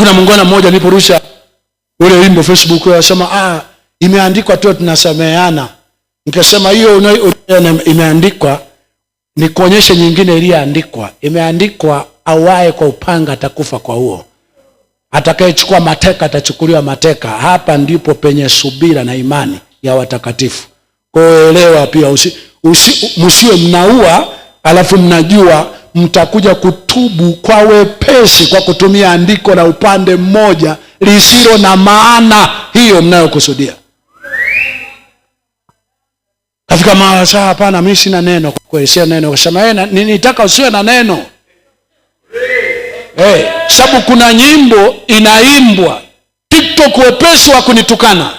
kuna mungwana mmoja aliporusha ule wimbo Facebook anasema ah, imeandikwa tu tunasameheana. Nikasema hiyo imeandikwa ni kuonyesha nyingine iliyoandikwa. Imeandikwa awaye kwa upanga atakufa kwa huo, atakayechukua mateka atachukuliwa mateka. Hapa ndipo penye subira na imani ya watakatifu. Kwa pia, msiwe mnaua alafu mnajua mtakuja kutubu kwa wepesi kwa kutumia andiko la upande mmoja lisilo na maana hiyo mnayokusudia. katika mahala saa, hapana, mi sina neno kwa kweli, neno kasema, eh, nitaka usiwe na neno hey, eh, sababu kuna nyimbo inaimbwa TikTok, wepesi wa kunitukana,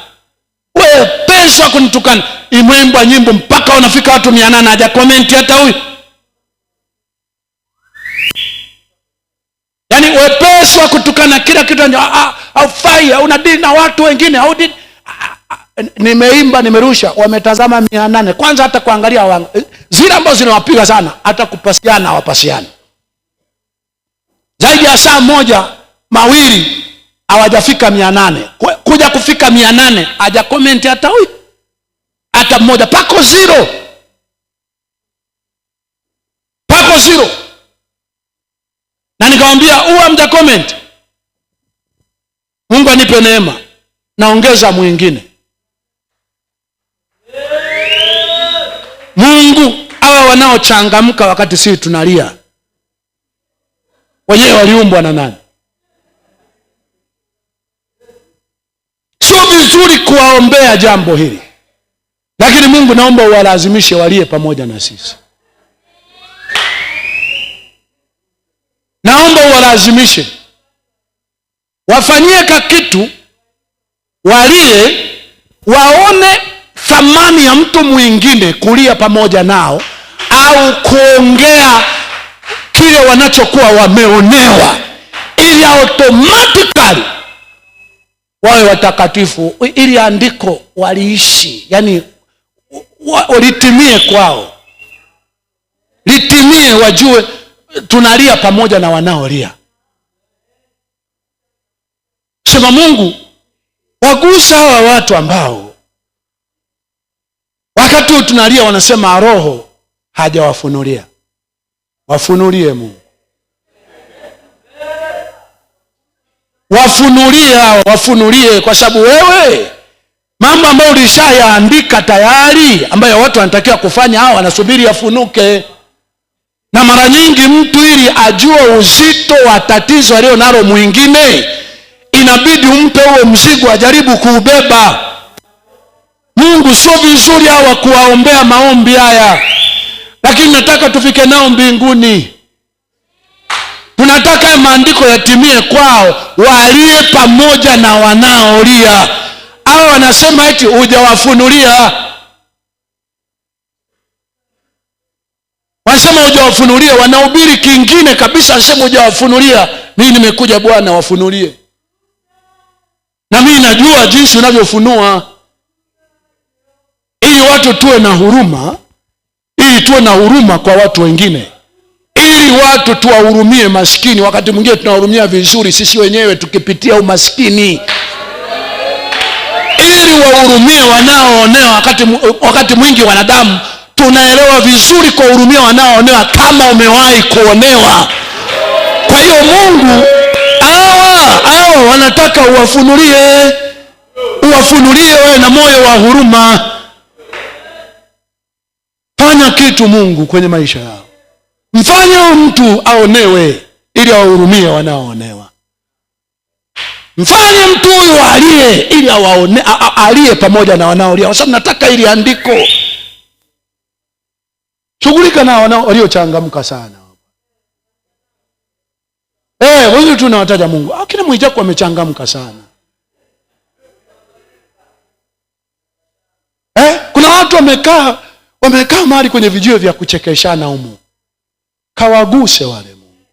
wepesi wa kunitukana, imeimbwa nyimbo mpaka wanafika watu mia nane haja komenti hata huyu yaani wepesi wa kutukana kila kitu ah, ah, una dili na watu wengine au ah, nimeimba nimerusha wametazama mia nane kwanza hata kuangalia wanga eh, zile ambazo zinawapiga sana hata kupasiana hawapasiani zaidi ya saa moja mawili hawajafika mia nane kuja kufika mia nane aja komenti hata huyu hata mmoja pako zero pako zero nawaambia uwa mta comment mungu anipe neema naongeza mwingine mungu awa wanaochangamka wakati sisi tunalia wenyewe waliumbwa na nani sio vizuri kuwaombea jambo hili lakini mungu naomba uwalazimishe walie pamoja na sisi naomba uwalazimishe wafanyie ka kitu walie waone thamani ya mtu mwingine kulia pamoja nao au kuongea kile wanachokuwa wameonewa, ili automatikali wawe watakatifu, ili andiko waliishi, yani litimie kwao, litimie, wajue tunalia pamoja na wanaolia sema mungu wagusa hawa watu ambao wakati huu tunalia wanasema roho hajawafunulia wafunulie mungu wafunulie hawa wafunulie kwa sababu wewe mambo ambayo ulishayaandika tayari ambayo watu wanatakiwa kufanya hawa wanasubiri yafunuke na mara nyingi mtu ili ajue uzito wa tatizo alio nalo mwingine, inabidi umpe huo mzigo, ajaribu kuubeba. Mungu, sio vizuri hawa kuwaombea maombi haya, lakini nataka tufike nao mbinguni. Tunataka maandiko yatimie kwao, walie pamoja na wanaolia. Hawa wanasema eti hujawafunulia Anasema hujawafunulia, wanahubiri kingine kabisa. Anasema hujawafunulia, mi nimekuja Bwana wafunulie, na mi najua jinsi unavyofunua, ili watu tuwe na huruma, ili tuwe na huruma kwa watu wengine, ili watu tuwahurumie maskini. Wakati mwingine tunawahurumia vizuri sisi wenyewe tukipitia umaskini ili wahurumie wanaoonewa. Wakati, wakati mwingi wanadamu tunaelewa vizuri kwa hurumia wanaoonewa kama umewahi kuonewa kwa hiyo mungu awa awa wanataka uwafunulie uwafunulie wewe na moyo wa huruma fanya kitu mungu kwenye maisha yao mfanye mtu aonewe ili awahurumie wanaoonewa mfanye mtu huyu alie ili aliye pamoja na wanaolia kwa sababu nataka ili andiko Shughulika nao waliochangamka sana eh, tu nawataja Mungu, akina ah, Mwijaku amechangamka sana eh, kuna watu wamekaa wamekaa mahali kwenye vijio vya kuchekeshana humo, kawaguse wale Mungu,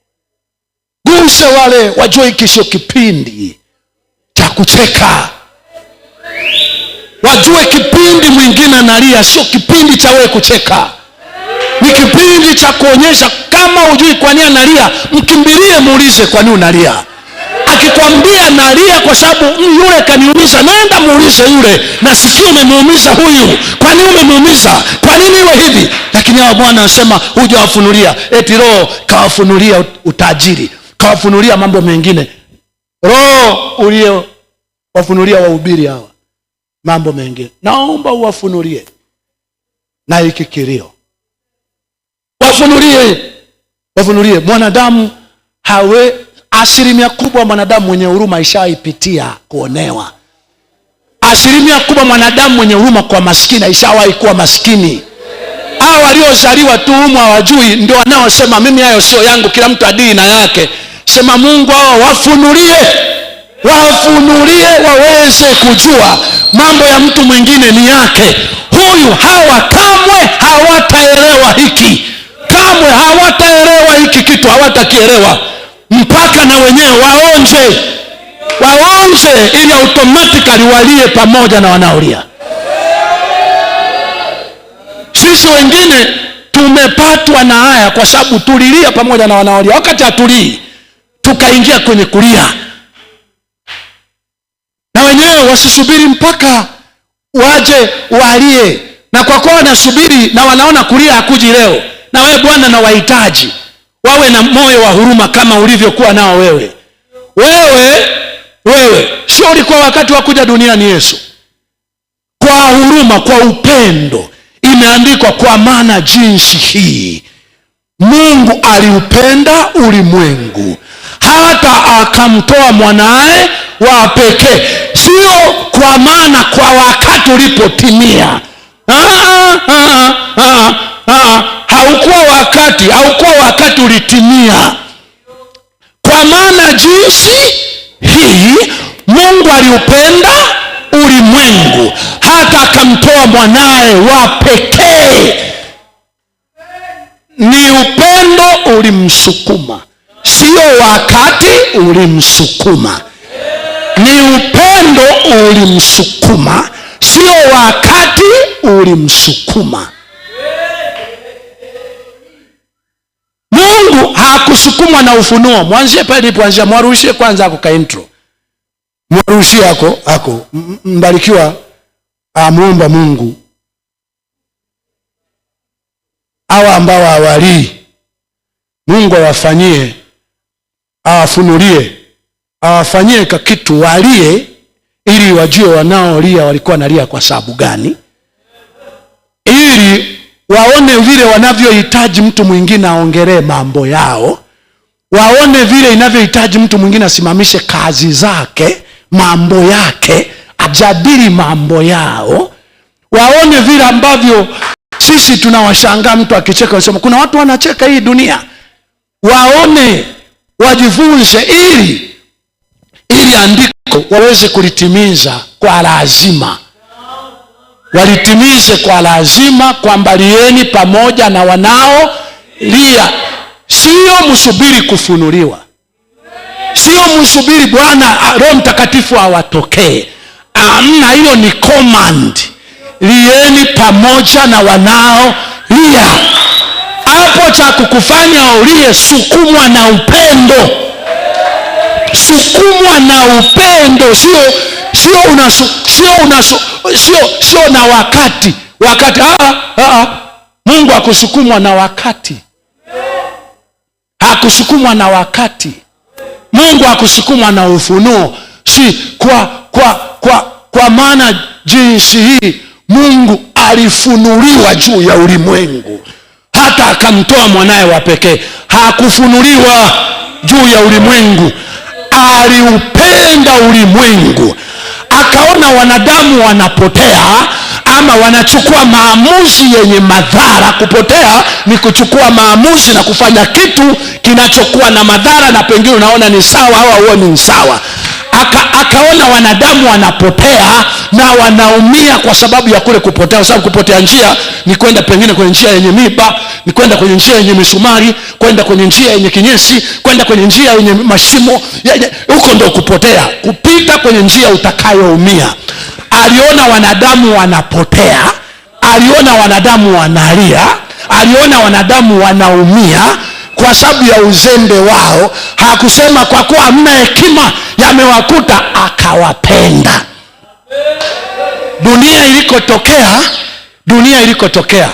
guse wale wajue hiki kipindi cha kucheka wajue kipindi mwingine analia, sio kipindi cha wewe kucheka ni kipindi cha kuonyesha. Kama hujui kwa nini analia, mkimbilie muulize kwa nini unalia. Akikwambia nalia kwa sababu yule kaniumiza, nenda muulize yule, nasikia umemuumiza huyu, kwa nini umemuumiza? Kwa nini iwe hivi? Lakini hawa Bwana anasema hujawafunulia, eti Roho kawafunulia utajiri, kawafunulia mambo mengine. Roho uliowafunulia wahubiri hawa mambo mengine, naomba uwafunulie na hiki kilio wafunulie wafunulie mwanadamu hawe asilimia kubwa mwanadamu mwenye huruma ishawaipitia kuonewa asilimia kubwa mwanadamu mwenye huruma kwa maskini aishawahi kuwa maskini hawa waliozaliwa tu humu wajui ndio wanaosema mimi hayo sio yangu kila mtu adili na yake sema mungu hawa wafunulie wafunulie waweze kujua mambo ya mtu mwingine ni yake huyu hawa kamwe hawataelewa hiki kamwe hawataelewa hiki kitu, hawatakielewa mpaka na wenyewe waonje, waonje ili automatically walie pamoja na wanaolia. Sisi wengine tumepatwa na haya kwa sababu tulilia pamoja na wanaolia, wakati hatulii tukaingia kwenye kulia na wenyewe, wasisubiri mpaka waje walie. Na kwa kuwa wanasubiri na wanaona kulia hakuji leo na wewe Bwana na wahitaji wawe na moyo wa huruma kama ulivyokuwa nao wewe. Wewe wewe sio ulikuwa wakati wa kuja duniani Yesu? Kwa huruma, kwa upendo, imeandikwa kwa maana jinsi hii Mungu aliupenda ulimwengu hata akamtoa mwanaye wa pekee. Sio kwa maana kwa wakati ulipotimia, wakati au wakati ulitimia, kwa maana jinsi hii Mungu aliupenda ulimwengu hata akamtoa mwanaye wa pekee. Ni upendo ulimsukuma, sio wakati ulimsukuma. Ni upendo ulimsukuma, sio wakati ulimsukuma. Mungu hakusukumwa na ufunuo. Mwanzie pale nilipoanzia, mwarushie kwanza ako ka intro, mwarushie ako ako mbarikiwa amuomba Mungu awa ambao awalii Mungu awafanyie awafunulie awafanyie kakitu walie, ili wajue wanaolia walikuwa nalia kwa sababu gani, ili waone vile wanavyohitaji mtu mwingine aongelee mambo yao, waone vile inavyohitaji mtu mwingine asimamishe kazi zake, mambo yake, ajadili mambo yao, waone vile ambavyo sisi tunawashangaa mtu akicheka, wasema kuna watu wanacheka hii dunia. Waone, wajifunze, ili ili andiko waweze kulitimiza kwa lazima walitimize kwa lazima kwamba lieni pamoja na wanao lia. Sio msubiri kufunuliwa, sio msubiri Bwana ah, Roho Mtakatifu awatokee. Amna, hiyo ni command. Lieni pamoja na wanao lia. Hapo cha kukufanya ulie, sukumwa na upendo, sukumwa na upendo, sio sio unasu, sio unasu, sio sio na wakati wakati. Aa, ah, aa, ah, ah, Mungu akusukumwa na wakati, hakusukumwa na wakati. Mungu hakusukumwa na ufunuo, si kwa kwa kwa kwa maana jinsi hii Mungu alifunuliwa juu ya ulimwengu, hata akamtoa mwanaye wa pekee. Hakufunuliwa juu ya ulimwengu aliupenda ulimwengu, akaona wanadamu wanapotea ama wanachukua maamuzi yenye madhara. Kupotea ni kuchukua maamuzi na kufanya kitu kinachokuwa na madhara, na pengine unaona ni sawa au huo ni sawa aka, akaona wanadamu wanapotea na wanaumia kwa sababu ya kule kupotea, kwa sababu kupotea njia ni kwenda pengine kwenye njia yenye miba, ni kwenda kwenye njia yenye misumari, kwenda kwenye njia yenye kinyesi, kwenda kwenye njia yenye mashimo. Huko ndo kupotea, kupita kwenye njia utakayoumia. Aliona wanadamu wanapotea, aliona wanadamu wanalia, aliona wanadamu wanaumia kwa sababu ya uzembe wao. Hakusema kwa kuwa hamna hekima yamewakuta, akawapenda. Dunia ilikotokea, dunia ilikotokea,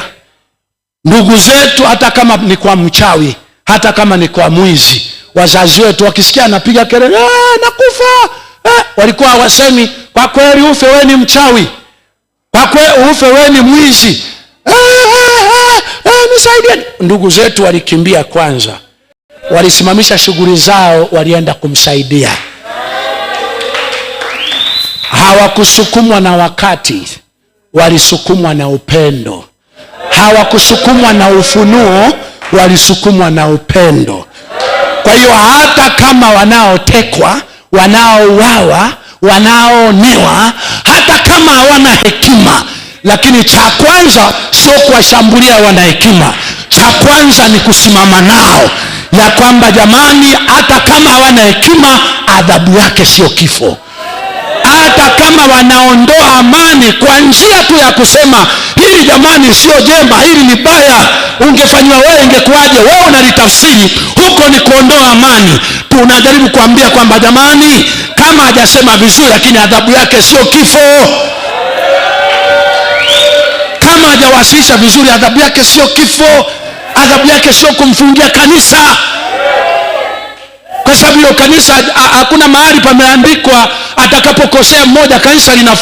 ndugu zetu, hata kama ni kwa mchawi, hata kama ni kwa mwizi, wazazi wetu wakisikia anapiga kelele ah, nakufa, eh, walikuwa hawasemi kwa kweli ufe, we ni mchawi, kwa kweli ufe, we ni mwizi Eh, eh, eh, nisaidie. Ndugu zetu walikimbia kwanza, walisimamisha shughuli zao, walienda kumsaidia. Hawakusukumwa na wakati, walisukumwa na upendo. Hawakusukumwa na ufunuo, walisukumwa na upendo. Kwa hiyo hata kama wanaotekwa, wanaouawa, wanaoonewa, hata kama hawana hekima lakini cha kwanza sio kuwashambulia wanahekima cha kwanza ni kusimama nao ya kwamba jamani hata kama hawana hekima adhabu yake sio kifo hata kama wanaondoa amani kwa njia tu ya kusema hili jamani sio jema hili ni baya ungefanyiwa wewe ingekuwaje wewe unalitafsiri huko ni kuondoa amani tunajaribu kuambia kwamba jamani kama hajasema vizuri lakini adhabu yake sio kifo kama hajawasilisha vizuri, adhabu yake sio kifo, adhabu yake sio kumfungia kanisa, kwa sababu hiyo kanisa hakuna mahali pameandikwa atakapokosea mmoja kanisa linafunga.